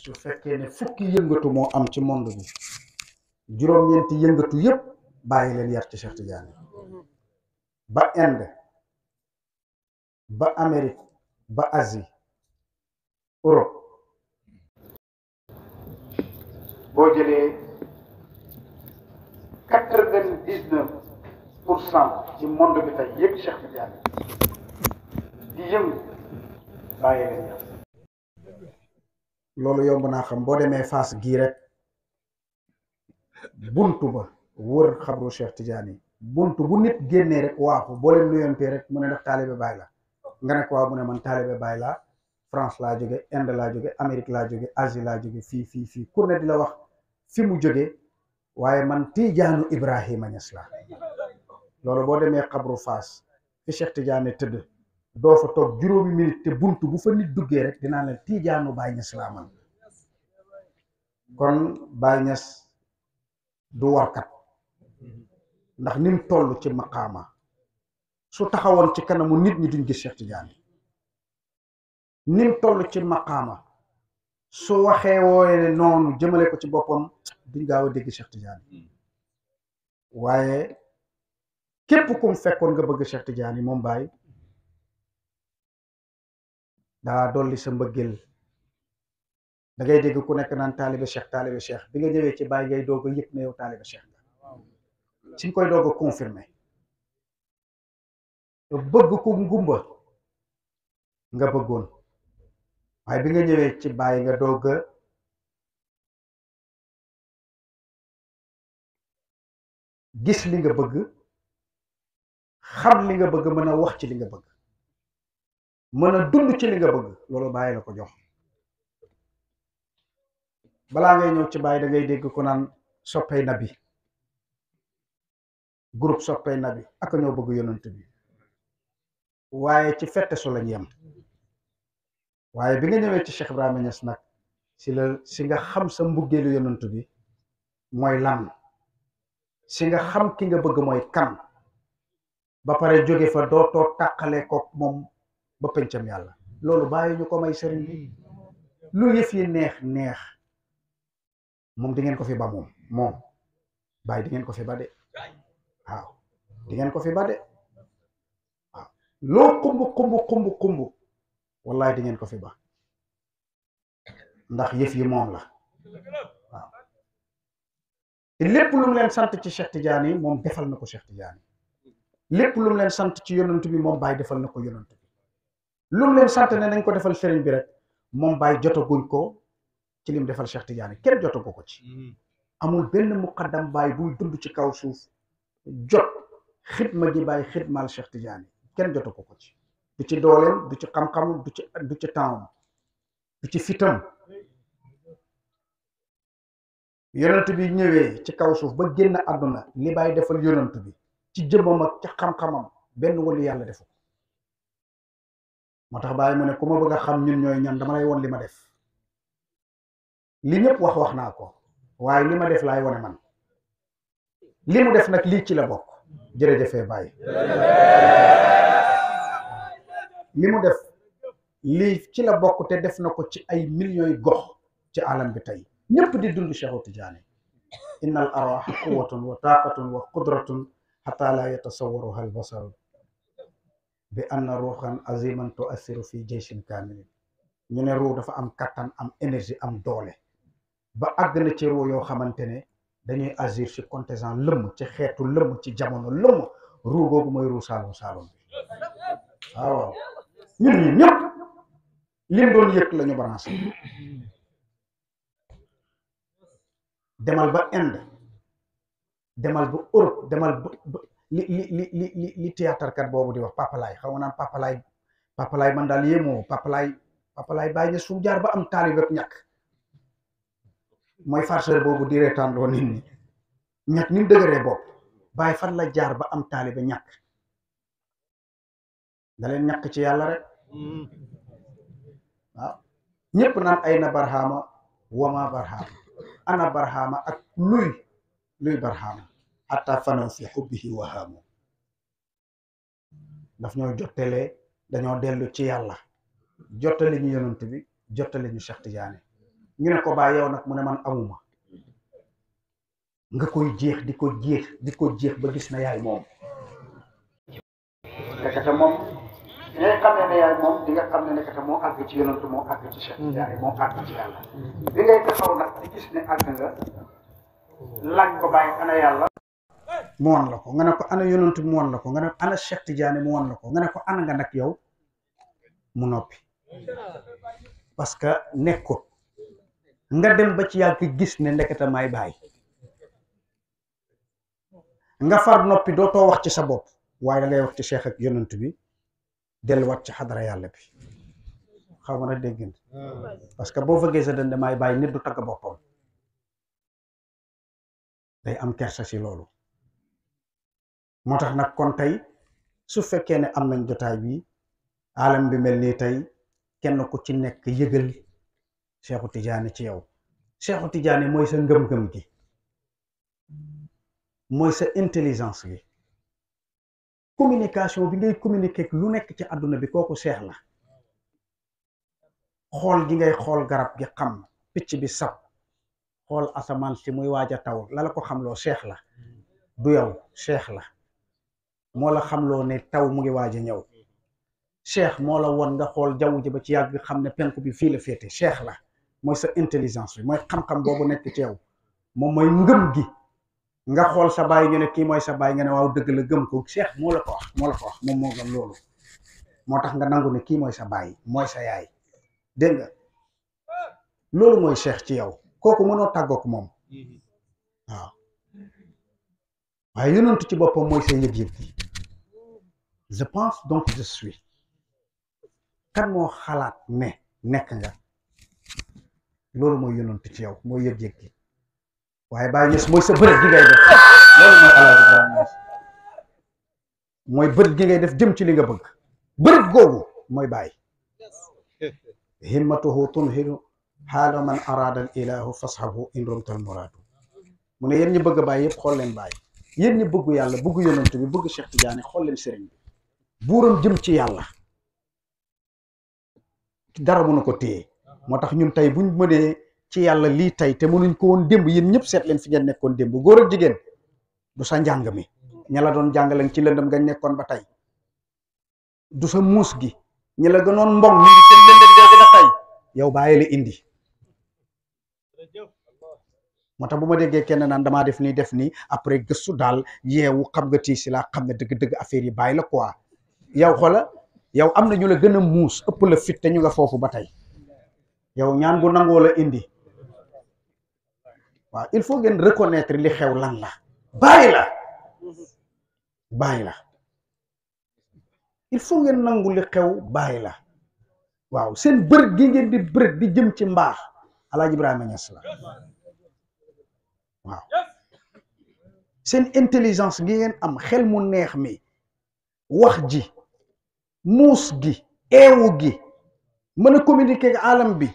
su fekkee ne fukki yëngatu moo am ci monde bi juróom-ñeenti yëngatu yépp bàyyi leen yar ci Cheikh Tidiane ba Inde ba Amérique ba Asie Europe boo jëlee ci monde bi tey yépp Cheikh Tidiane di yëngu loolu yomb naa xam boo demee faas gii rek bunt ba wër xabru Cheikh Tidiane yi buntu bu nit génnee rek waaxu boo leen nuyontee rek mu ne ndax taalibe Baay la nga ne ko waaw mu ne man taalibe Baay laa France laa jóge Inde laa jóge Amérique laa jóge Asie laa jóge fii fii fii ku ne di la wax fi mu jóge waaye man Tijaanu Ibrahima Ñas la loolu boo demee xabru Fass fi Cheikh Tidiane tëdd doo fa toog juróomi minute te bunt bu fa nit duggee rek dinaa leen tiijaanu Baay Ñas laa man kon Baay du warkat ndax nim toll ci maqaama su taxawoon ci kanamu nit ñi duñ gis Cheikh Tidiane toll ci maqaama su waxee wooye noonu jëmale ko ci boppam duñ gaaw a dégg Cheikh Tidiane waaye képp kum fekkoon nga bëgg Cheikh Tidiane moom Baay daa dolli sa mbëggeel da ngay dégg ku nekk naan taalibe cheikh taalibe cheikh bi nga ñëwee ci bàyyi ngay doog a yëg ne yow taalibe cheikh nga ci nga koy doog a confirmé bëgg ku ngumba nga bëggoon waaye bi nga ñëwee ci bàyyi nga doog a gis li nga bëgg xam li nga bëgg mën a wax ci li nga bëgg mën a dund ci li nga bëgg loolu bàyyi la ko jox balaa ngay ñëw ci bàyyi dangay dégg ko naan soppay nabi groupe soppay nabi ak ñoo bëgg yonent bi waaye ci fette su lañ waaye bi nga ñëwee ci Cheikh Ibrahima Niass nag si la si nga xam sa mbuggeelu yonent bi mooy lan si nga xam ki nga bëgg mooy kan ba pare jóge fa dootoo tàqale ko moom ba pencam yàlla loolu bàyyi ñu ko may sëriñ bi lu yëf yi neex neex moom di ngeen ko fi ba moom moom bàyyi di ngeen ko fi ba de waaw di ngeen ko fi ba de waaw loo kumbu ngeen ko fi ndax yëf yi moom la waaw te lépp lu leen sant ci Cheikh Tidiane yi moom defal na ko Cheikh Tidiane yi lépp lu mu leen sant ci yonent bi moom bàyyi defal na ko yonent bi lu mu leen sant ne nañ ko defal sëriñ bi rek moom baay jotaguñ ko ci lim defal Cheikh kenn jotagu ko ci hmm. amul benn muqaddam Baye buy dund ci kaw suuf jot xidma ji Baye xidmaal Cheikh Tidiane kenn jotagu ko ci du ci dooleem du ci xam-xamam du ci du ci temps du ci fitam yonent bi ñëwee ci kaw suuf ba génn àdduna li Baye defal yonent bi ci jëmmam ak ci xam-xamam benn wali yàlla defu ko moo tax bàyyi mu ne ku ma bëgg a xam ñun ñooy ñan dama lay won li ma def lii ñëpp wax wax naa ko waaye li ma def laay wane man li mu def nag lii ci la bokk jërëjëfee bàyyi li mu def lii ci la bokk te def na ko ci ay millions yi gox ci alam bi tey ñëpp di dund Cheikhu Tijaani inna al arwax quwatun wa taqatun wa qudratun xata la yatasawaruha al بأن روحا عظيما تؤثر في جيش كامل ñu ne ruu dafa am kattan am énergie am doole ba àgg na ci ruu yoo xamante ne dañuy agir ci contingent lëmm ci xeetu lëmm ci jamono lëmm ruu googu mooy ruu saalum saalum bi waaw ñun ñi ñëpp lim doon yëkk la ñu branché demal ba Inde demal ba Europe demal ba li li li li li kat boobu di wax papalaay xaw ma naan papalaay papalaay man daal yéemoo papalaay papalaay bàyyi suuf jaar ba am taalib ak ñàkk mooy farceur boobu di reetaan loo nit ñi ñàkk ni mu dëgëree bopp bàyyi fan la jaar ba am taaliba ñàkk da leen ñàkk ci yàlla rek waaw ñëpp naan ay na barxaama wama barxaama ana barxaama ak luy luy barxaama xataa fanaw fi xubbihi wahaamu daf ñoo jottale dañoo dellu ci yàlla jottale ñu yonent bi jottale ñu Cheikh Tidiane ñu ne ko baa yow nag mu ne man amuma nga koy jeex di ko jeex di ko jéex ba gis na yaay moom nekkata moom ñooy xam ne ne yaay moom di nga xam ne nekkata moo àgg ci yonent moo àgg ci Cheikh Tidiane moo àgg ci yàlla bi ngay taxaw nag di gis ne àgg nga laaj ko bàyyi ana yàlla mu wan la ko nga ne ko ana yonent mu wan la ko nga ne ko ana Cheikh Tidiane mu wan ko nga ne ko ana nag yow mu noppi parce que nekk ko nga dem ba ci yàgg gis ne ndekete may bàyyi nga far noppi doo too wax ci sa bopp waaye da ngay wax ci Cheikh ak yonent bi delluwaat ci xadara yàlla bi xaw ma na dégg parce que boo fëggee sa dënd may bàyyi nit du tagg boppam day am kersa si loolu moo tax nag kon tey su fekkee ne am nañ jotaay bi alam bi mel nii tey kenn ku ci nekk yëgal Seexu Tijaani ci yow Seexu Tijaani mooy sa ngëm-ngëm gi mooy sa intelligence bi communication bi ngay communiquer lu nekk ci àdduna bi kooku seex la xool gi ngay xool garab gi xam picc bi sab xool asamaan si muy waaj a taw la la ko xam loo seex la bu yow seex la moo la xam loo ne taw mu ngi waaj a ñëw cheikh moo la woon nga xool jaww ji ba ci bi xam ne penk bi fii la féete cheikh la mooy sa intelligence bi mooy xam-xam boobu nekk ci yow moom mooy ngëm gi nga xool sa baay ñu kii mooy sa baay nga ne waaw dëgg la gëm ko cheikh moo la ko wax moo la moo tax nga nangu ne kii mooy sa baay mooy sa yaay dégg nga loolu mooy cheikh ci yow kooku mënoo tàggook moom mm-hmm. waaw waaye yonentu ci boppam mooy sa yëg-yëg je pense donc je kan moo xalaat ne nekk nga loolu mooy yonantu ci yow mooy yëg-yëg gi waaye bàyyi ñës mooy sa bërëb gi def mooy alal gi ngay def jëm ci li nga bëgg bërëb googu mooy bàyyi himmatuhu tunhilu xaala man araada al ilahu fashabu in rumtal muraadu mu ne yéen ñi bëgg a bàyyi yëpp xool leen bàyyi yéen ñi bëggu yàlla bëgg yonantu bi bëgg Cheikh Tidiane xool leen sëriñ bi burung jëm ci yalla dara mënu ko téye motax ñun tay buñ mëne ci yalla li tay té mënuñ ko won demb yeen ñëpp sét leen fi ñe nekkon demb goor ak jigen du sa jang mi ñala la doon jàngale ci lëndëm nga nekkon ba tay du sa mus gi ñala gënon ngi seen yow indi mata buma dege ma déggee kenn apre damaa def ni def ni après gëstu dal yewu xam nga ti xam deug affaire yi bayila quoi yow xoola yow am na ñu la gën a muus ëpp la fit te ñu nga foofu ba tey yow ñaan gu nangoo la indi waaw il faut ngeen reconnaître li xew lan la bàyyi la bàyyi la il faut ngeen nangu li xew bàyyi la waaw seen bërët gi ngeen di bërët di jëm ci mbaax Alaaji Ibrahima Niass la waaw seen intelligence gi ngeen am xel mu neex mi wax ji muus gi eewu gi mën a communiquer ak alam bi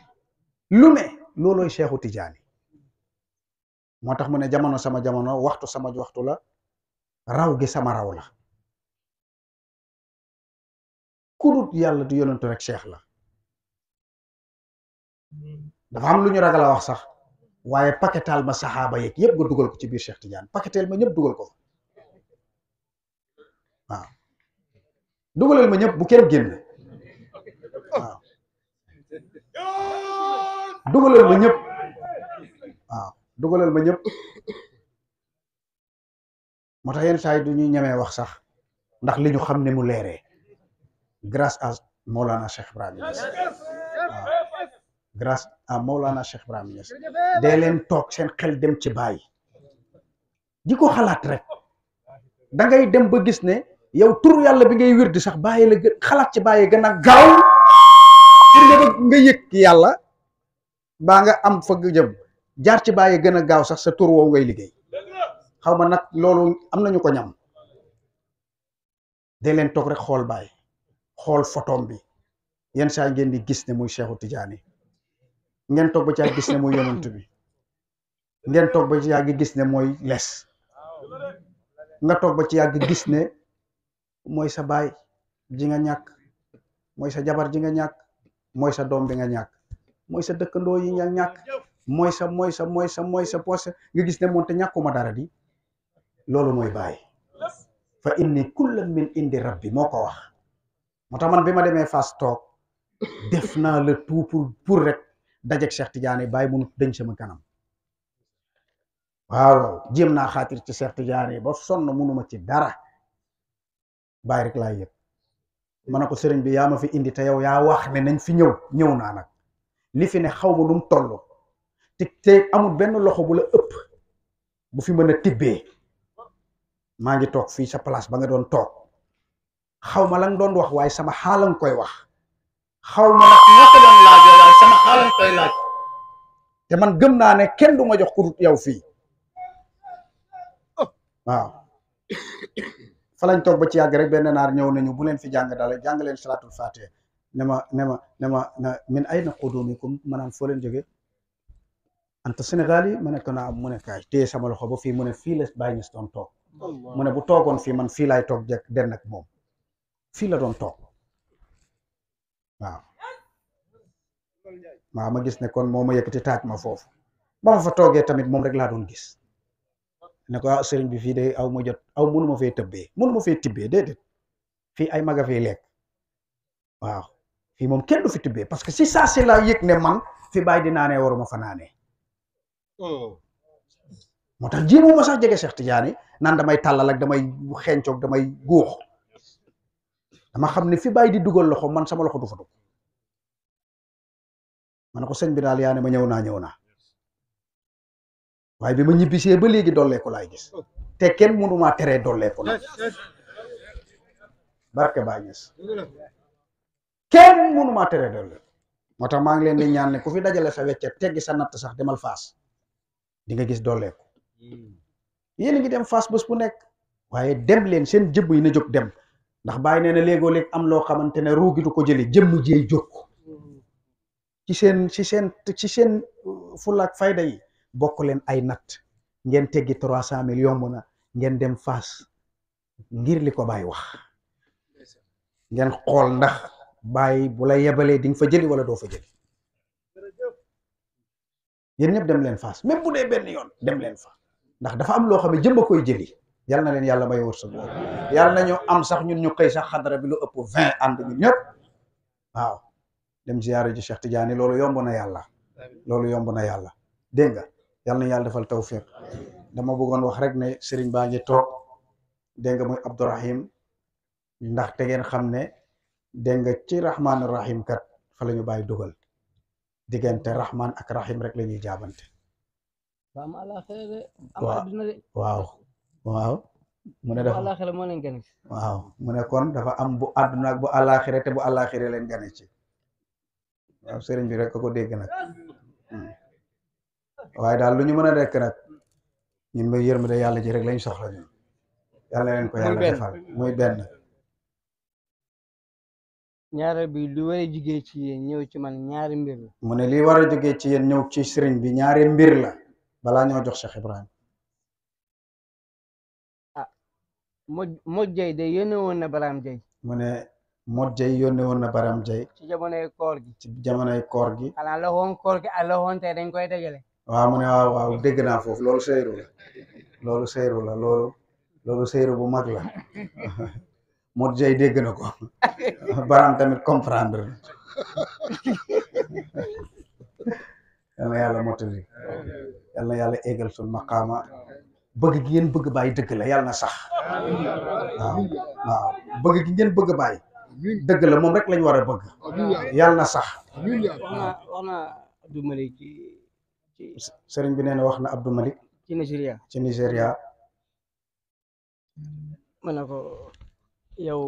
lu me loolooy Seexu Tijaani moo tax mu ne jamono sama jamono waxtu sama waxtu la raw gi sama raw la kudut yàlla du yonentu rek Seex la dafa am lu ñu ragal a wax sax waaye paquetal ma saxaaba yeeg yëpp nga dugal ko ci biir Cheikh tijaan paquetal ma ñëpp dugal ko waaw dugalal ma ñëpp bu kenn génn waaw dugalal ma ñëpp waaw dugalal ma ñëpp moo tax yenn saa yi du ñu ñemee wax sax ndax li ñu xam ne mu leere grâce à Mawlana Cheikh Ibrahim dee leen toog seen xel dem ci bàyyi di ko xalaat rek da dem ba gis ne. yow tur yalla bi ngay wirdi sax baye la xalat ci baye gëna a gaaw ngir nga nga yek yalla ba nga am fa gëjëm jaar ci baye gëna a gaaw sax sa tour wo ngay liggéey xawma nak lolu loolu am nañu ko ñam de len tok rek xol baye xol photom bi yeen sa ngeen di gis ne moy cheikhou tidiane ngeen tok ba ci gis ne moy yonent bi ngeen tok ba ci yagg gis ne moy les nga tok ba ci yagg gis ne mooy sa baay ji nga ñàkk mooy sa jabar ji nga ñàkk mooy sa doom bi nga ñàkk mooy sa dëkkandoo yi nga ñàkk mooy sa mooy sa mooy sa mooy sa poche nga gis ne moonte ñàkkuma dara di loolu mooy baay fa inni kullan min indi bi moo ko wax moo tax man bi ma demee fas toog def naa le tout pour pour rek dajeeg Cheikh Tidiane baay mu dañ sama kanam waaw jéem naa xaatir ci Cheikh Tidiane ba sonn munuma ci dara bàyyi rek laay yëg ma ne ko sëriñ bi yaa ma fi indi te yow yaa wax ne nañ fi ñëw ñëw naa nag li fi ne xaw ma lu mu toll te te amul benn loxo bu la ëpp bu fi mën a tibbee maa ngi toog fii sa palaas ba nga doon toog xaw ma la doon wax waaye sama xaala koy wax xaw ma nag ñoo ko doon laajee sama xaala koy laaj te man gëm naa ne kenn du ma jox ku dul yow fii oh. waaw. fa toog ba ci yàgg rek benn naar ñëw nañu buleen fi jàng dala jàng leen salaatul faatiha ne ma ne ma ne ma na min ay na qudoomikum maanaam foo leen jóge anta Sénégal yi ma ne ko naa mu ne kaay téye sama loxo ba fii mu ne fii la Baay Ñas doon toog mu ne bu toogoon fii man fii laay toog jekk den ak moom fii la doon toog waaw ma gis ne kon moo ma yëkkati taaj ma foofu ba fa toogee tamit moom rek laa doon gis ne ko ah bi fii de aw ma jot aw mënu ma fee tëbbee mënu ma fii ay maga fee lekk waaw fii moom kenn du fi tibbee parce que si saa si la yëg ne man fi bàyyi di naanee waruma fa naanee oh. moo tax jéemu ma sax jege Cheikh Tidiane naan damay tàllal ak damay xencoog damay góox dama xam ne fi bàyyi di dugal loxo man sama loxo du fa dugg ma ne ko sëñ bi daal yaa ne ma ñëw naa ñëw naa waaye bi ma ñibbisee ba léegi dolleeku laay gis oh. te kenn mënumaa teree dolleeku nag barke baa ngis kenn mënumaa teree dolleeku moo tax maa ngi leen di ñaan ne ku fi dajale sa weccet teggi sa natt sax demal faas di nga gis dolleeku hmm. yéen a ngi dem faas bés bu nekk waaye dem leen seen jëmm yi na jóg dem ndax bàyyi nee na léegoo léeg am loo xamante ne ruu gi du ko jëlee jëmm jiey jóg hmm. ci seen ci seen ci seen uh, fulaak fayda yi bokk leen ay natt ngeen teggi trois cent mille yomb na ngeen dem faas ngir li ko bàyyi wax ngeen xool ndax bàyyi bu la yebalee di fa jëli wala doo fa jëli yéen ñëpp dem leen faas même bu dee benn yoon dem leen fa ndax dafa am loo xam ne jëmba koy jëli yal na leen yàlla may wërsëg yàlla nañu am sax ñun ñu xëy sax xadara bi lu ëpp vingt ànd ñun ñëpp waaw dem ziyaare ji Cheikh Tidiane loolu yomb na yàlla loolu yomb na yàlla dégg nga yal na yàlla defal tawfiq dama bëggoon wax rek ne sëriñ baa ngi toog dégg nga muy Abdourahim ndax te geen xam ne dégg nga ci rahmaani rahim kat fa la ñu bàyyi dugal diggante rahman ak rahim rek la ñuy jaabante. waaw mu ne dafa alaxira mu ne kon dafa am bu àdduna ak bu alaxira te bu alaxira leen gane ci sëriñ bi rek ako dégg nag waaye daal lu ñu mën a dekk nag ñun ba yërmande yàlla ji rek lañ soxla ñun yàlla leen ko yàlla defal muy benn ñaareel bi lu war a ci yéen ñëw ci man ñaari mbir la lii war a ci yéen ñëw ci sëriñ bi ñaari mbir la balaa ñoo jox Cheikh Ibrahima ah de yónne woon na Baraam jay mu ne moj jay yónne woon na Baraam jay ci jamonoy koor gi ci jamonoy koor gi xanaa la koor gi ak la woon tey dañ koy dajale waaw mu ne waaw waaw dégg naa foofu loolu seyru la loolu seyru la loolu loolu seyru bu mag la mot jey dégg na ko baram tamit comprendre yàlla yàlla motali yàlla yàlla égal sun maqaama bëgg gi ngeen bëgg bàyyi dëgg la yàlla na sax waaw waaw bëgg gi ngeen bëgg bàyyi dëgg la moom rek lañu war a bëgg yàlla na sax serigne bi neena na wax na Abdou Malik ci Nigeria ci Nigeria manako yow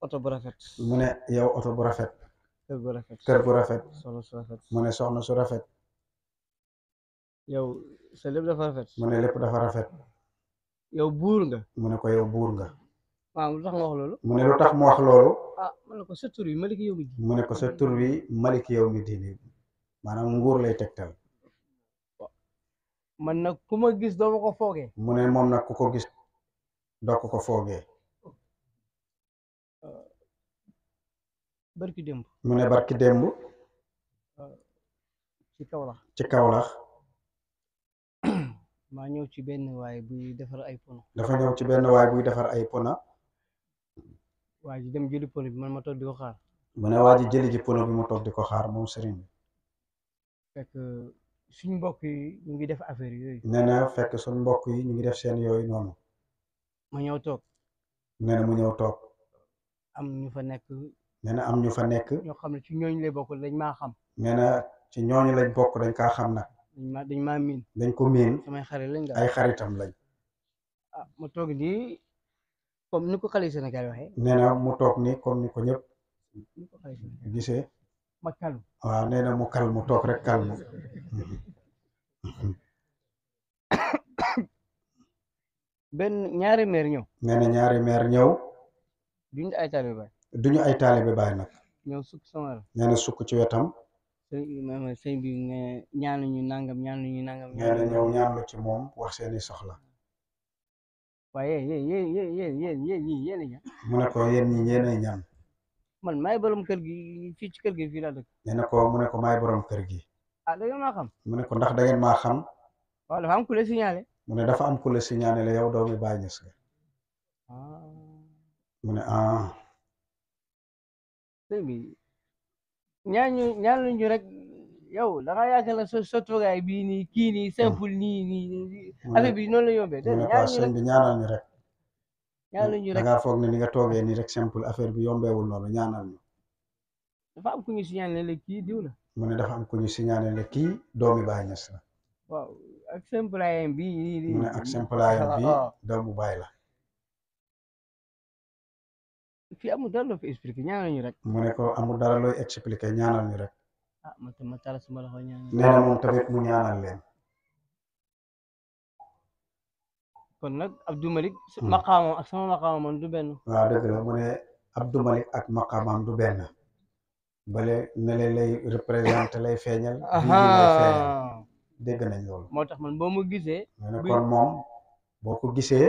auto bu rafet mu yow auto bu rafet kër bu rafet kër bu rafet soxna su rafet mu soxna su rafet yow sa lepp dafa rafet mu mana dafa rafet yow bour nga mu ko yow bour nga wa lu tax nga wax lolu mu lu tax mu wax lolu ah manako sa wi malik yow mi mana ne ko sa tour wi malik yow mi diini manam nguur lay tektal man nak kuma gis do ko foge mune mom nak kuko gis do ko ko foogee uh, barki demb mune barki demb uh, ci kawlax ci kawlax ma ñew ci benn way bu defar ay pono dafa ñew ci benn way bu defar ay pono waji dem jëli pono bi man ma tok diko xaar mune waji ji jëli pono bi mu tok diko xaar mom serigne bi suñ mbokk yi ñu ngi def affaire yooyu. nee fekk suñ mbokk yi ñu ngi def seen yooyu noonu. ma ñëw toog. nee mu ñëw toog. am ñu fa nekk. nee na am ñu fa nekk. ñoo xam ne ci ñooñ lay bokk dañ maa xam. nee na ci ñooñu lañ bokk dañ kaa xam nag. dañ dañ maa miin. dañ ko miin. samay xarit lañ ay xaritam lañ. ah mu toog di comme ni ko xale Sénégal waxee. nee na mu toog ni comme ni ko ñëpp gisee. ma calme waaw nee na mu calme toog rek calme benn ñaari meer ñëw nee na ñaari meer ñëw duñu ay taalibe baay duñu ay taalibe baay nag ñëw sukk sama la nee sukk ci wetam sëñ bi ñaanu ñu nangam ñaanu ñu nangam nee na ñaanu ci moom wax seeni soxla waaye yéen yéen yéen yéen yéen yéen yéen yéen ñaan mu ne ko yéen ñi yéen ay ñaan man may borom kër gi ci ci kër gi fi la dëkk. nee na ko mu ne ko may borom kër gi. ah da ngeen ma xam. mu ne ko ndax da ngeen ma xam. waaw fa am ku signalé. mu ne dafa am ku signalé le yow doomi Baay Ñas ah mu ne ah. sëñ bi ñaan ñu ñaan ñu rek yow da ngaa yaakaar so so tugay bi ni ki ni simple mm. ni ni affaire bi non la yombee. mu ne ah, ñaanal ñu rek. ñaanal ñu rek da ngaa foog ne ni nga toogee nii rek simple affaire bi yombeewul noonu ñaanal ñu. dafa am ku ñu signalé ne kii diw la. mu dafa am ku ñu signalé ne kii doomi Baay Ñas la. waaw ak simplaayam ah. loo fi expliqué ñaanal ñu rek. mu ne ko amul dara looy ñaanal ñu rek. Ah, nee moom tamit mu ñaanal leen. kon nag Abdou Malick. Hmm. maqaamam ak sama maqaamam man du benn. waaw dëgg du benn. bale nele lay représenté lay feeñal. dégg na loolu. moo tax man boo ma gisee. kon moom boo ko gisee.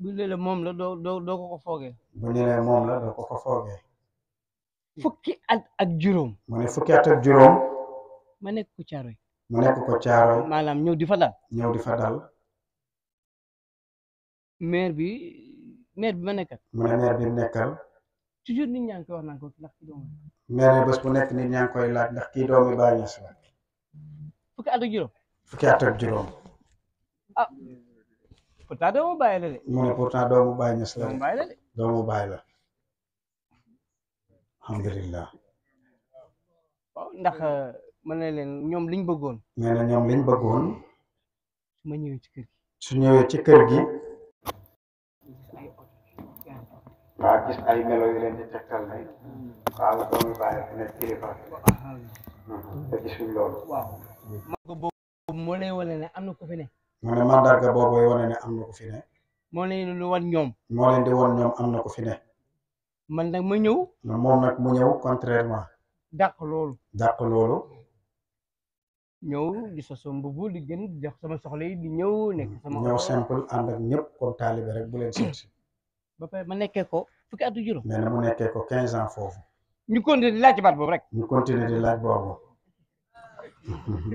bu ne moom la doo doo doo ko ko foogee. bu ne moom la doo ko ko foogee. fukki at ak juróom. mu fukki at ak juróom. ma nekk ko caaroy. mu nekk ko caaroy. maanaam ñëw di fa dal. ñëw di fa dal. maire bi maire bi ma nekkal. mu ne maire bi nekkal. toujours nit ñaa ngi koy wax naan ko ndax kii doomu. maire bi bés bu nekk nit ñaa ngi koy laaj ndax kii doomu Baay Ñas la. fukki at ak juróom. fukki at ak juróom. ah pourtant doomu Baay la de. mu ne pourtant doomu Baay Ñas doomu Baay la de. doomu Baay la. alhamdulilah. waaw ndax euh, ma ne leen ñoom liñ bëggoon. nee na ñoom liñ bëggoon. su ma ñëwee ci kër gi. su ñëwee ci kër gi. waaw gis ay melo moo lay wane ne am na ku fi ne. mu ne ne am na ku fi moo leen di wan ñoom. moo leen di wan ñoom am na ku fi man nag ma ñëw. moom nag mu ñëw contrairement. dàq loolu. dàq loolu. ñëw di sa somb bu di gën jox sama soxla yi di ñëw nekk sama. ñëw simple ànd ak ñëpp comme taalibe rek bu leen seet. ba pare ma nekkee ko fukki at mel na mu nekkee ko quinze ans foofu. ñu continuer di laaj ci boobu rek. continuer di laaj boobu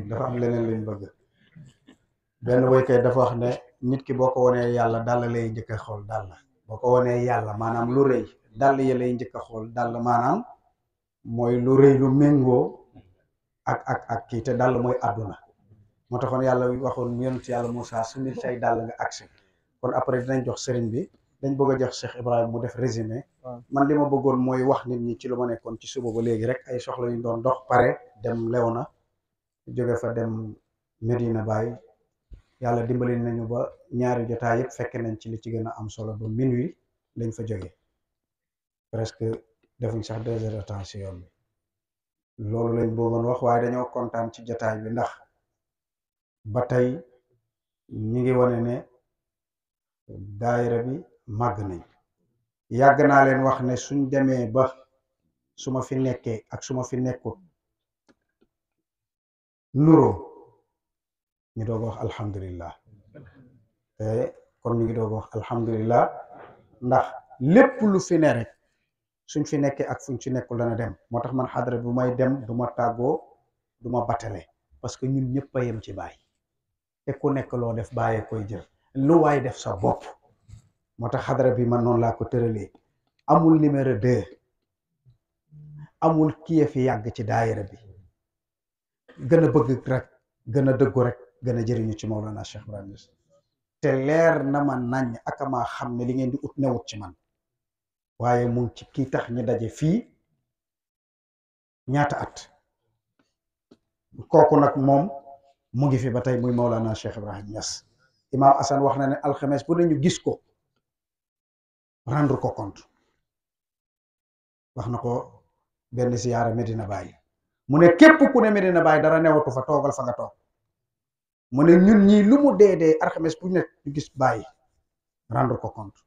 dafa am leneen luñ bëgg benn woykay dafa wax ne nit ki boo ko wanee yàlla dàll lay njëkk a xool dàll boo ko wanee yàlla maanaam lu rëy dàll ya lay njëkk a xool dàll mooy lu rëy méngoo ak ak ak kii te dàll mooy àdduna moo taxoon yàlla waxoon yonent yàlla Moussa su nit say dàll nga agsi kon après dinañ jox sëriñ bi dañ bëgg a jox Cheikh Ibrahima mu def résumé man li ma bëggoon mooy wax nit ñi ci lu ma nekkoon ci suba ba léegi rek ay soxla yu doon ndox pare dem na jóge fa dem Medina Baye yàlla dimbali nañu ba ñaari jotaay yëpp fekke nañ ci li ci gën a am solo ba minuit lañ fa jóge presque defuñ sax deux si yoon bi loolu lañ bëggoon wax waaye dañoo kontaan ci jotaay bi ndax ba tey ñu ngi wane ne daayira bi màgg nañ yàgg naa leen wax ne suñ demee ba su ma fi nekkee ak su ma fi nekkut nuroo ñu doog wax alhamdulillah te kon ñu ngi doog wax alhamdulillah ndax lépp lu fi ne rek suñ fi nekkee ak fuñ ci nekkul dana dem moo tax man xadara bu may dem du ma tàggoo du ma batale parce que ñun ñëpp a yem ci baay te ku nekk loo def bàyyee koy jël lu waay def sa bopp moo tax xadara bi man noonu laa ko tëralee amul numéro deux amul kii fi yàgg ci daayira bi gën a bëgg rek gën a dëggu rek gën a jëriñu ci Mawlana Cheikh Ibrahim te leer na ma nañ ak xam ne li ngeen di ut newut ci man waaye mu ngi ci kii tax ñi daje fii ñaata at kooku nag moom mu ngi fi ba tey muy Mawlana Cheikh Ibrahim Niass Imam Assane wax na ne alxames bu ne ñu gis ko. rendre ko compte wax na ko benn siyaara Medina Baye mu ne képp ku ne Medina Baye dara newatu fa toogal fa nga toog mu ne ñun ñii lu mu dee dee alxames bu nekk ñu gis Baye rendre ko compte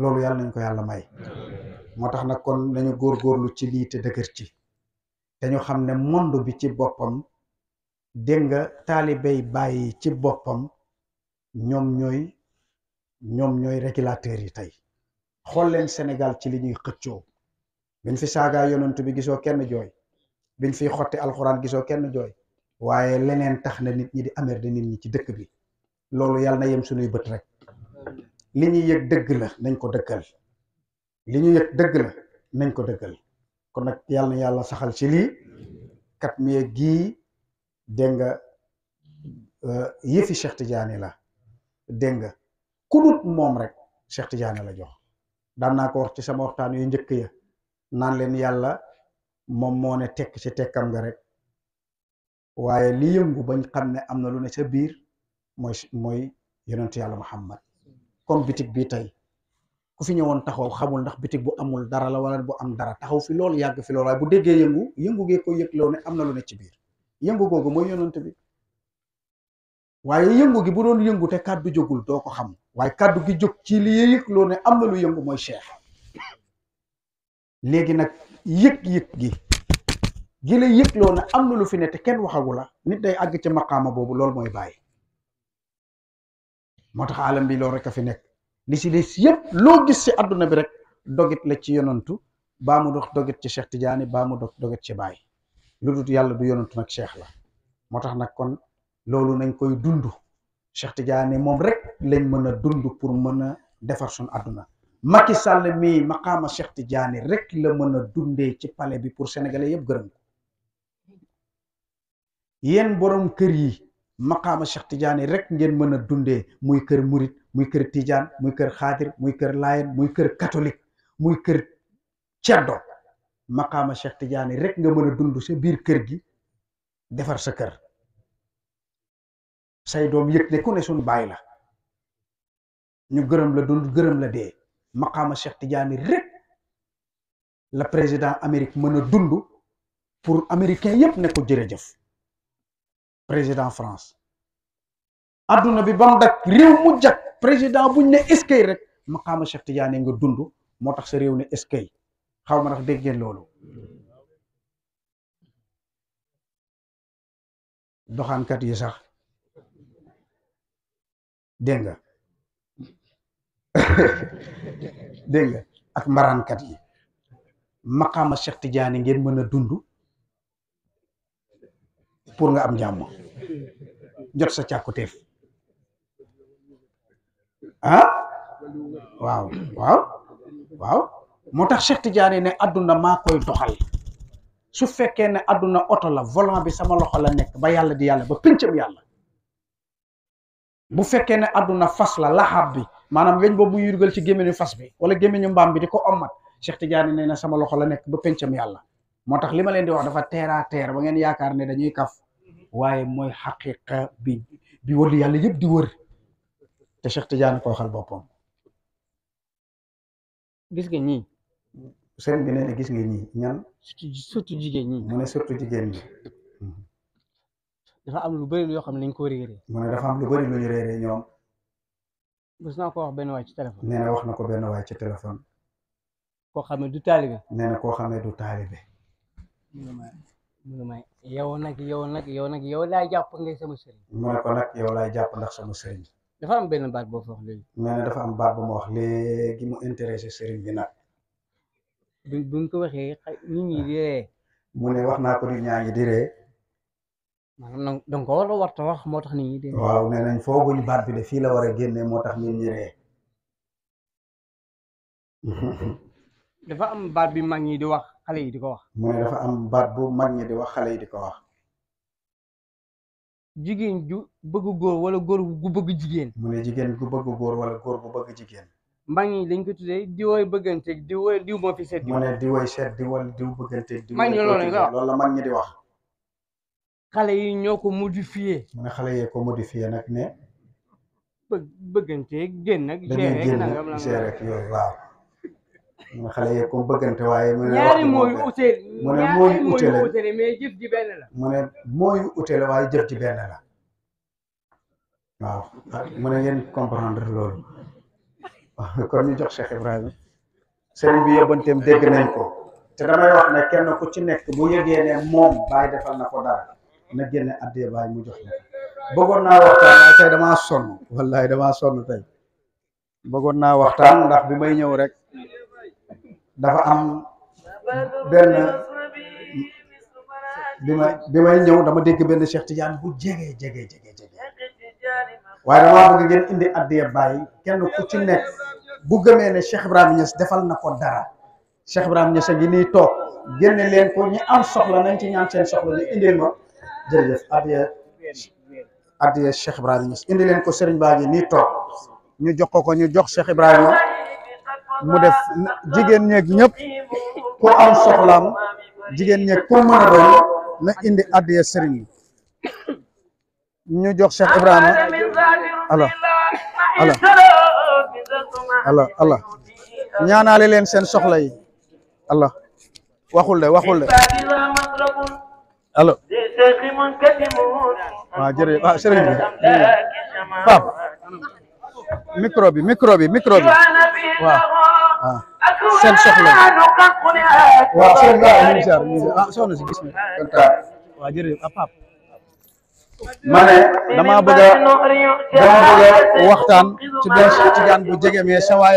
loolu yàlla nañ ko yàlla may moo tax nag kon nañu góorlu ci lii te dëgër ci dañu xam ne monde bi ci boppam dégg nga taalibey bàyyi ci boppam ñoom ñooy ñoom ñooy régulateurs yi tey xool leen Sénégal ci li ñuy xëccoo biñ fi saagaa yonent bi gisoo kenn jooy biñ fi xotti alxuraan gisoo kenn jooy waaye leneen tax na nit ñi di amer de nit ñi ci dëkk bi loolu yàlla na yem suñuy bët rek li ñuy yëg dëgg la nañ ko dëggal dëgg nañ ko dëggal kon nag yàlla yàlla saxal ci lii kat mie gii dégg nga euh, yëfi Cheikh la dégg nga kudut mom rek Cheikh Tidiane la jox daan na ko wax ci sama waxtan yu njëkk ya nan leen yalla mom mo ne tek ci tekam nga rek waye li yëngu bañ xamne amna lu ne ci biir moy moy yalla Muhammad comme bitik bi tay ku fi ñewon taxaw xamul ndax bitik bu amul dara la wala bu am dara taxaw fi lool yag fi lool bu dege yëngu yëngu ge ko yëg loo ne am lu ne ci biir yëngu gogu moy yonent bi waye yëngu gi bu doon yëngu te kaddu jogul do ko xam waaye kàddu gi jóg ci li yëg loo ne am na lu yëngu mooy cheikh léegi nag yëg-yëg gi gi la yëg am na lu fi ne te kenn waxagu la nit day àgg ci maqaama boobu loolu mooy bàyyi moo tax alam bi loolu rek a fi nekk li si des yëpp loo gis ci àdduna bi rek dogit la ci yonantu baa mu dox dogit ci cheikh Tidiane baa mu dox dogit ci bàyyi lu dut yàlla du yonantu nag cheikh la moo tax nag kon loolu nañ koy dund Cheikh Tidiane moom rek lañ mën a dund pour mën a defar suñu àdduna Macky Sall mii maqaama Cheikh Tidiane rek la mën a dundee ci palais bi pour sénégalais yëpp gërëm yenn yéen borom kër yi maqaama Cheikh Tidiane rek ngeen mën a dundee muy kër murit muy kër Tidiane muy kër xaadir muy kër layen muy kër katolik muy kër ceddo maqaama Cheikh Tidiane rek nga mën a dund sa biir kër gi defar sa kër say doom yëg ne ku ne suñu bàyyi la ñu gërëm la dund gërëm la dee maqaama Cheikh Tidiane rek la président Amérique mën a dund pour américain yépp ne ko jërëjëf président France adduna bi bam mu réew mu jag président buñ ne eskay rek maqaama Cheikh Tidiane nga dund moo tax sa réew ne eskay xaw ma ndax dégg ngeen loolu doxaankat yi sax denga denga ak maran kat yi maqama Cheikh Tidiane ngeen meuna dundu pour nga am jamm jot sa càkkuteef ah waaw waaw waaw motax Cheikh Tidiane ne aduna ma koy doxal su fekke ne aduna auto la volant bi sama loxo la nek ba yalla di yalla ba pëncam yalla bu fekkee ne àdduna fas la laxaab bi maanaam weñ boobu mu yurgal ci gémmiñu fas bi wala gémmiñu mbaam bi di ko ommat Cheikh Tidiane nee na sama loxo la nekk ba pencam yàlla moo tax li ma leen di wax dafa teer teer ba ngeen yaakaar ne dañuy kaf waaye mooy xaqiqa bi bi wër yàlla yëpp di wër te Cheikh Tidiane ko waxal boppam. gis nga ñii. sëriñ bi nee gis nga ñii ñan. surtout jigéen ñi. mu ne surtout jigéen ñi. dafa am lu bëri yoo xam ne dañ koo réeree. mu ne dafa am ñoom. bés naa ko wax benn waay ci téléphone. nee wax na ko benn waay ci téléphone. koo xam ne du taalibe. nee na koo du taalibe. mu ma yow nag yow nag yow nag yow laay jàpp ngay sama sëriñ. mu ne ko nag yow laay jàpp ndax sama sëriñ. dafa am benn baat boo fa wax léegi. dafa am baat bu wax léegi mu intéressé sëriñ bi nag. bu buñ ko waxee nit ñi wax naa ñaa ngi di ree. maanaam donc war a war a wax moo tax ni ñi de. waaw nee nañ fooguñu baat bi de fii la war a génne moo tax ni ñi ree dafa am baat bi mag ñi di wax xale yi di ko wax. mu dafa am baat mag ñi di wax xale yi di ko wax. jigéen ju bëgg góor wala góor gu bëgg jigéen. mu ne jigéen gu bëgg góor wala góor bu bëgg jigéen. mag ñi dañ ko tuddee di woy bëgganteeg di woy diw moo fi seet. mu ne di woy seet di wala diw bëgganteeg. mag ñi loolu la mag ñi di wax. xale yi ñoo ko modifié. mu xale yee ko modifié nag ne. bë bëggante génn ak. génn génn ak yooyu xale yee ko bëggante waaye. mu ne ñaari mooy utile. mu ne mooy utile mais jëf ji la. mu ne mooy utile waaye jëf ji la. waaw ah, mu comprendre loolu. kon ñu jox Cheikh Ibrahima. sëriñ bi yóbbanteem dégg nañ ko. te damay wax ne kenn ku ci nekk bu yëgee ne moom bàyyi defal na ko daal na génne addee baay mu jox la bëggoon naa waxtaan waaye tey damaa sonn wallahi damaa sonn tey bëggoon naa waxtaan ndax bi may ñëw rek dafa am benn bi may bi may ñëw dama dégg benn Cheikh Tidiane bu jege jege jege jege waaye damaa bëgg ngeen indi addee baay kenn ci nekk bu gëmee ne Cheikh Ibrahima Niass defal na ko dara Cheikh Ibrahima Niass a ngi nii toog génne leen ko ñi am soxla nañ ci ñaan seen soxla ñu indil ma jërëjëf addiya addiya Cheikh Ibrahima Niass indi leen ko Serigne Ba ngi nii toog ñu jox ko ko ñu jox Cheikh Ibrahima mu def jigéen ñeeg ñëpp ku am soxlaam jigéen ñeeg ku mën a na indi addiya Serigne ñu jox Cheikh Ibrahima allah allah allah ñaanaale leen seen soxla yi allah waxul de waxul de waaw jërëjëf waaw sëriñ bi Pape micro bi micro bi micro bi waaw waaw seen soxla waaw sëriñ bi waaw ñu ngi ziar ñu ngi ah si gis nga waaw jërëjëf ah Pape ma ne damaa bëgg a dama bëgg a waxtaan ci benn ci bu jege mais sa waay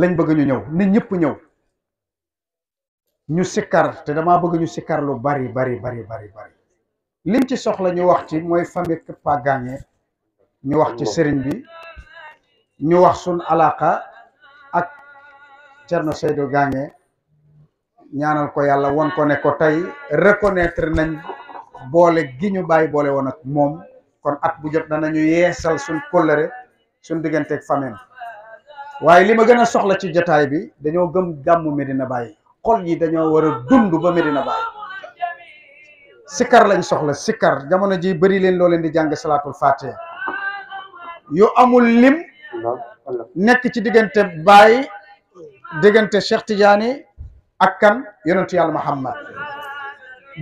lañ bëgg ñu ñëw nit ñëpp ñëw ñu sikkar te dama bëgg ñu sikkar lu bari bari bari bari bari liñ ci soxla ñu wax ci mooy famille Këppa gagné ñu wax ci sëriñ bi ñu wax sun alaqa ak Cerno seydo gagné ñaanal ko yàlla won ko ne ko tey reconnaître nañ boole gi ñu bàyyi boole woon ak moom kon at bu jot danañu yeesal sun sun suñ digganteeg famille waaye li ma gën a soxla ci jataay bi dañoo gëm gàmmu Medina bàyyi xol yi dañoo war a dund ba Medina Baye sikkar lañ soxla sikkar jamono jii bari leen loo leen di jàng salaatul fatiha yu amul lim nekk ci diggante Baye diggante Cheikh Tidiane ak kan yonentu yàlla Muhammad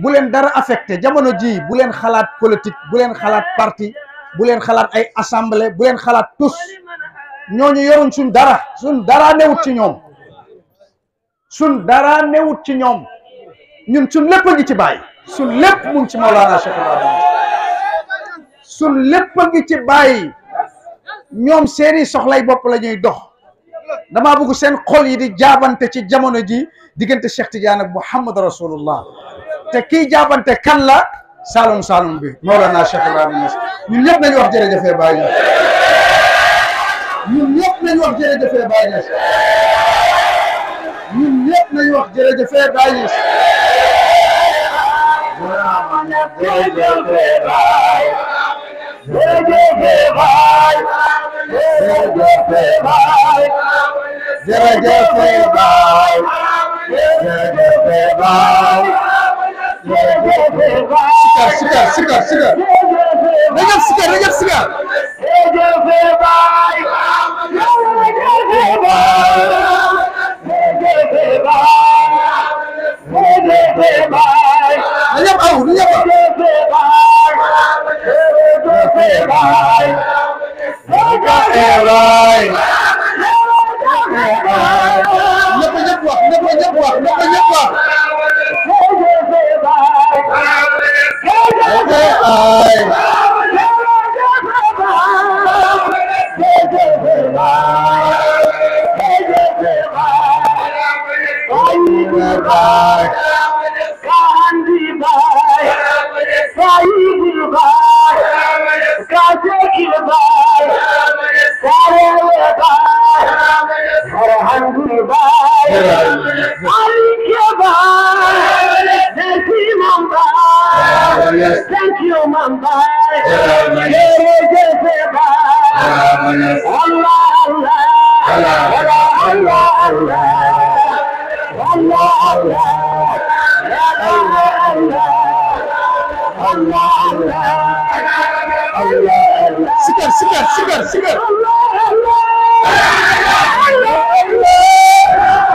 bu leen dara affecté jamono jii bu leen xalaat politique bu leen xalaat parti bu leen xalaat ay assemblée bu leen xalaat tous ñooñu yoruñ suñ dara suñ dara newut ci ñoom suñ dara newut ci ñoom ñun suñ lépp gi ci bàyyi suñ lépp mu ci Maulana Cheikh Ibrahima suñ lépp a ngi ci bàyyi ñoom seeni soxlay bopp lañuy ñuy dox damaa bëgg seen xol yi di jaabante ci jamono ji diggante Cheikh Tidiane ak Muhammad Rasulullah te kii jaabante kan la saalum saalum bi Maulana Cheikh Ibrahima ñun ñëpp nañu wax jërëjëfee bàyyi ñun ñëpp nañu wax jërëjëfee Baye Niass ñun ñëpp nañu wax jërëjëfee Baye Niass jërëjëfee Baye jërëjëfee Baye jërëjëfee Baye jërëjëfee Baye jërëjëfee Baye Sikar, sikar, sikar. Recep sikar, Recep sikar. Recep Bey, Recep Bey, Recep Bey, Recep Ahu, Recep Ahu. भाई भाई काई बी भाई के किल भाई कारे Thank you, Mumbai. Allah, Allah. Allah, Allah. Allah, Allah. Allah, Allah, Allah,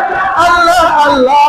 Allah, Allah, Allah. Allah, Allah.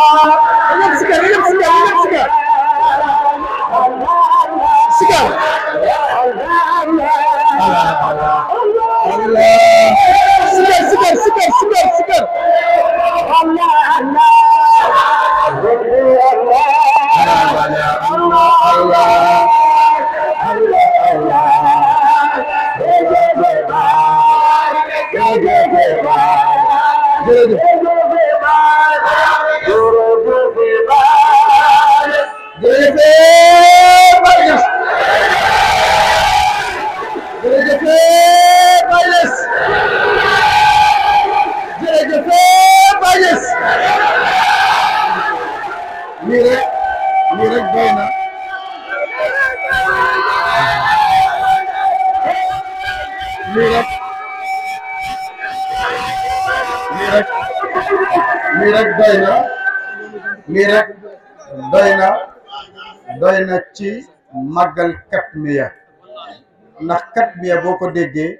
rek lii rek doy na lii doy na doy na ci màggal katmiya ndax kat katmiya boo ko déggee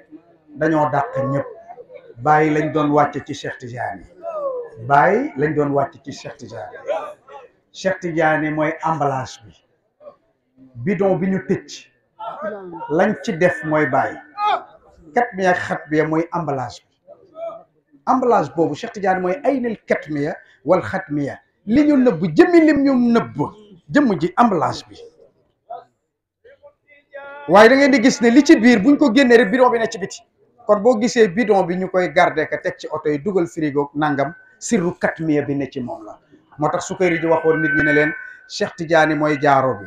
dañoo dàq ñëpp bàyyi lañ doon wàcc ci Cheikh Tidiane bàyyi lañ doon wàcc ci Cheikh Tidiane Cheikh Tidiane mooy emballage bi bidon bi ñu tëcc lañ ci def mooy bàyyi katmiya ak xatmiya mooy emballage bi emballage boobu Cheikh Tidiane mooy ay aynil katmiya wal xatmiya li ñu nëbb jëmmi lim ñu nëbb jëmm ji emballage bi waaye da di gis ne li ci biir buñ ko génnee rek bidon bi ne ci biti kon boo gisee bidon bi ñu koy garder ka teg ci oto yi dugal frigo nangam sirru katmiya bi ne ci moom la moo tax su sukari ji waxoon nit ñi ne leen Cheikh Tidiane mooy jaaro bi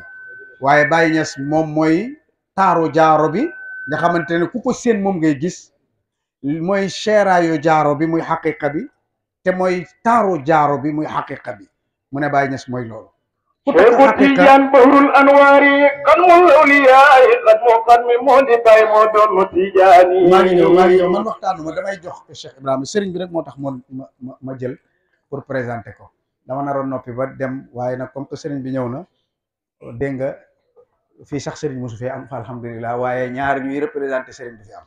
waaye bay Niass moom mooy taaru jaaro bi nga xamante ne ku ko seen moom ngay gis mooy seeraayu jaaro bi muy xaqiqa bi te mooy taaru jaaro bi muy xaqiqa bi mu ne Baay Ñas mooy loolu Seexu Tijaan bahrul anwaari xatmul awliyaay xatmu xatmi moo di Baay moo doon mu Tijaan yi maa ngi ñëw maa ngi man waxtaanu ma damay jox Cheikh bi rek moo tax moon ma ma jël pour présenter ko dama naroon noppi ba dem waaye nag comme que sëriñ bi ñëw na dégg nga fii sax sëriñ mosu fee am fa alhamdulilah waaye ñaar ñuy représenté sëriñ bi fi am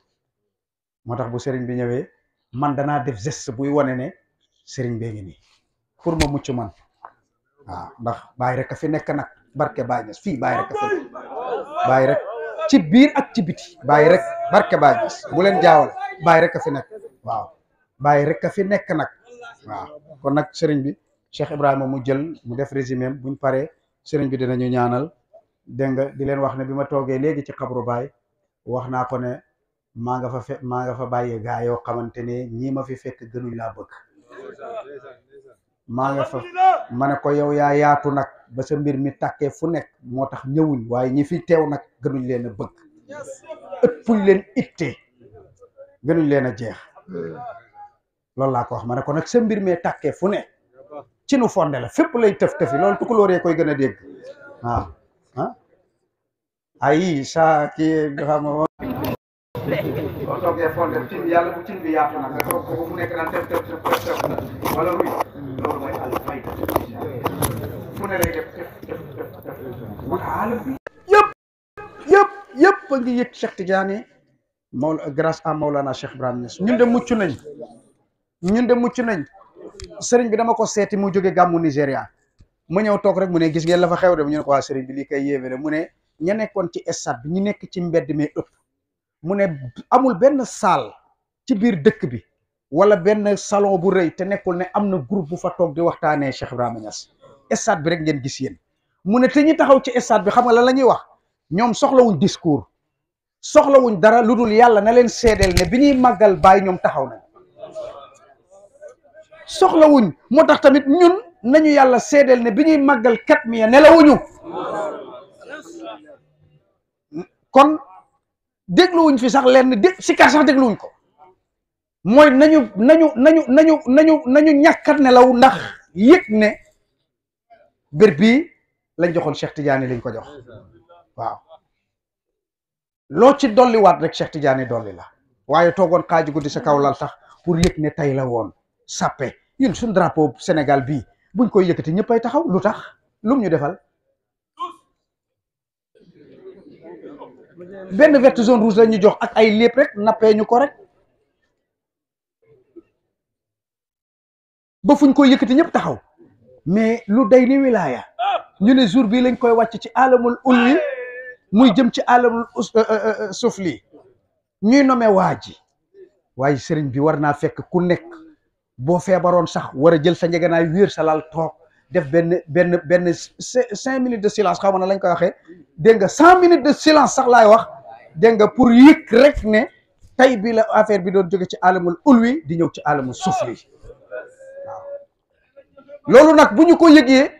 moo tax bu sëriñ bi ñëwee man danaa def geste buy wone ne sëriñ bee ngi nii pour ma mucc man waaw ndax bàyyi rek a fi nekk nag barke Baay Ñas fii bàyyi rek ci biir ak ci biti bàyyi rek barke Baay Ñas bu leen jaawal baay rek a fi nekk waaw bàyyi rek a fi nekk nag waaw kon nag sëriñ bi Cheikh Ibrahima mu jël mu def résumé am buñ paree sëriñ bi dinañu ñaanal dégg nga di leen wax ne bi ma toogee léegi ci xabru baay wax naa ko ne maa nga fa fe maa nga fa bàyyi gaa yoo xamante ne ñii ma fi fekk gënuñ laa bëgg maa nga fa ma ne ko yow yaa yaatu nag ba sa mbir mi tàkkee fu nekk moo tax ñëwuñ waaye ñi fi teew nag gënuñ leen a bëgg ëppuñ leen ittee gënuñ leen a jeex loolu laa ko wax ma ne ko nag sa mbir mi tàkkee fu ne ci nu fonde la fépp lay tëf tëfi loolu koy gën a dégg waaw ah ay sa kii xam boo toggee yàlla bu cin bi yaatu na nga toog ko ba mu yëpp yëpp a ngi yëg Cheikh Tidiane Maola grâce à Maolana Cheikh Ibrahim ñun de mucc nañ ñun de mucc nañ sëriñ bi dama ko seeti mu jóge gàmmu Nigéria mu ñëw toog rek mu ne gis ngeen la fa xew de ñu ne ko waa sëriñ bi lii kay yéeme de mu ne ña nekkoon ci stade bi ñu nekk ci mbedd mi ëpp mu ne amul benn salle ci biir dëkk bi wala benn salon bu rëy te nekkul ne am na groupe bu fa toog di waxtaanee Cheikh Ibrahima Niass bi rek ngeen gis yéen mu ne te ñi taxaw ci stade bi xam nga lan la ñuy wax ñoom soxlawuñ discours soxlawuñ dara lu dul yàlla na leen seedeel ne bi ñuy màggal bàyyi ñoom taxaw nañ soxlawuñ moo tax tamit ñun nañu yàlla seedeel ne bi ñuy màggal kat mi nelawuñu kon dégluwuñ fi sax lenn si sikar sax dégluwuñ ko mooy nañu nañu nañu nañu nañu nañu ñàkkat nelaw ndax yëg ne bér bii lañ joxoon Cheikh Tidiane lañ ko jox waaw loo ci dolliwaat rek Cheikh Tidiane dolli la waaye toogoon xaaju guddi sa kaw lal sax pour yëg ne tey la woon sàppe ñun suñ drapeau Sénégal bii buñ koy yëkkati ñëppay taxaw lu tax lum ñu defal benn verte zone rouge la ñu jox ak ay lépp rek nappee ñu ko rek ba fuñ koy yëkkati ñëpp taxaw mais lu day ni wilaaya ñu ne jour bii lañ koy wàcc ci alamul ulli muy jëm ci alamul euh, euh, euh, sufli ñuy nome waa ji waaye sëriñ bi war naa fekk ku nekk boo feebaroon sax war a jël sa njëganaay wéer sa lal toog def benn benn benn cinq minutes de silence xaw ma na lañ koy waxee dégg nga cent minutes de silence sax laay wax dégg nga pour yëg rek ne tey bii la affaire bi doon jóge ci alamul ulwi di ñëw ci alamul sufli loolu nag bu ñu ko yëgee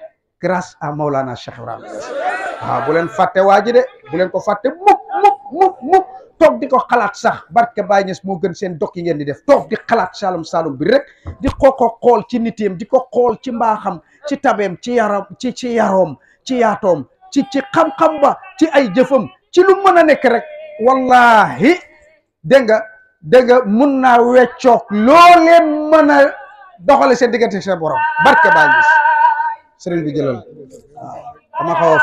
grâce à Maulana Cheikh Ibrahima waaw leen fàtte waa ji de bu leen ko fàtte mukk mukk mukk tok di ko xalaat sax barke Baye Niass moo gën sen dok ngeen di def tok di xalat salum salum bi rek di ko ko xool ci di ko xol ci mbaxam ci tabem ci yaram ci ci yarom ci yatom ci ci xam-xam ba ci ay jëfëm ci lu mëna nek rek wallahi de nga de nga mun naa weccoog loolee mëna doxale seen digënté sen borom barke Baye sëriñ bi jëlal dama xaw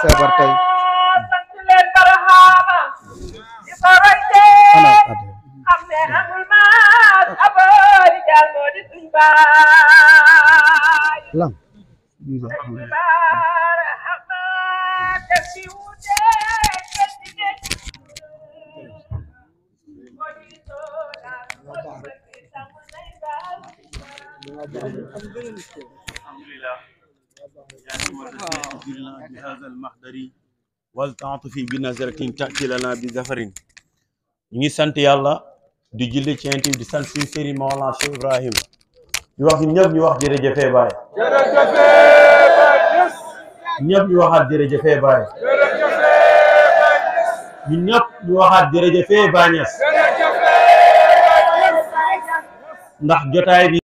seen amul maas aboori jaal moo di suñ baay lam baara xamaa te si wute gësti gësti moo di soonaa moo di bëgg samul nay baal الحمد لله يعني بهذا المحضر والتعاطف بنظرة تأتي لنا بزفر ñi sant yàlla di jille ci di sant suñu sëriñ Mawlana Cheikh Ibrahima di wax ñun ñëpp ñu wax jërëjëfee baay. jërëjëfee baay yes. ñëpp ñu waxaat jërëjëfee baay. jërëjëfee baay yes. ñun ñëpp ñu waxaat jërëjëfee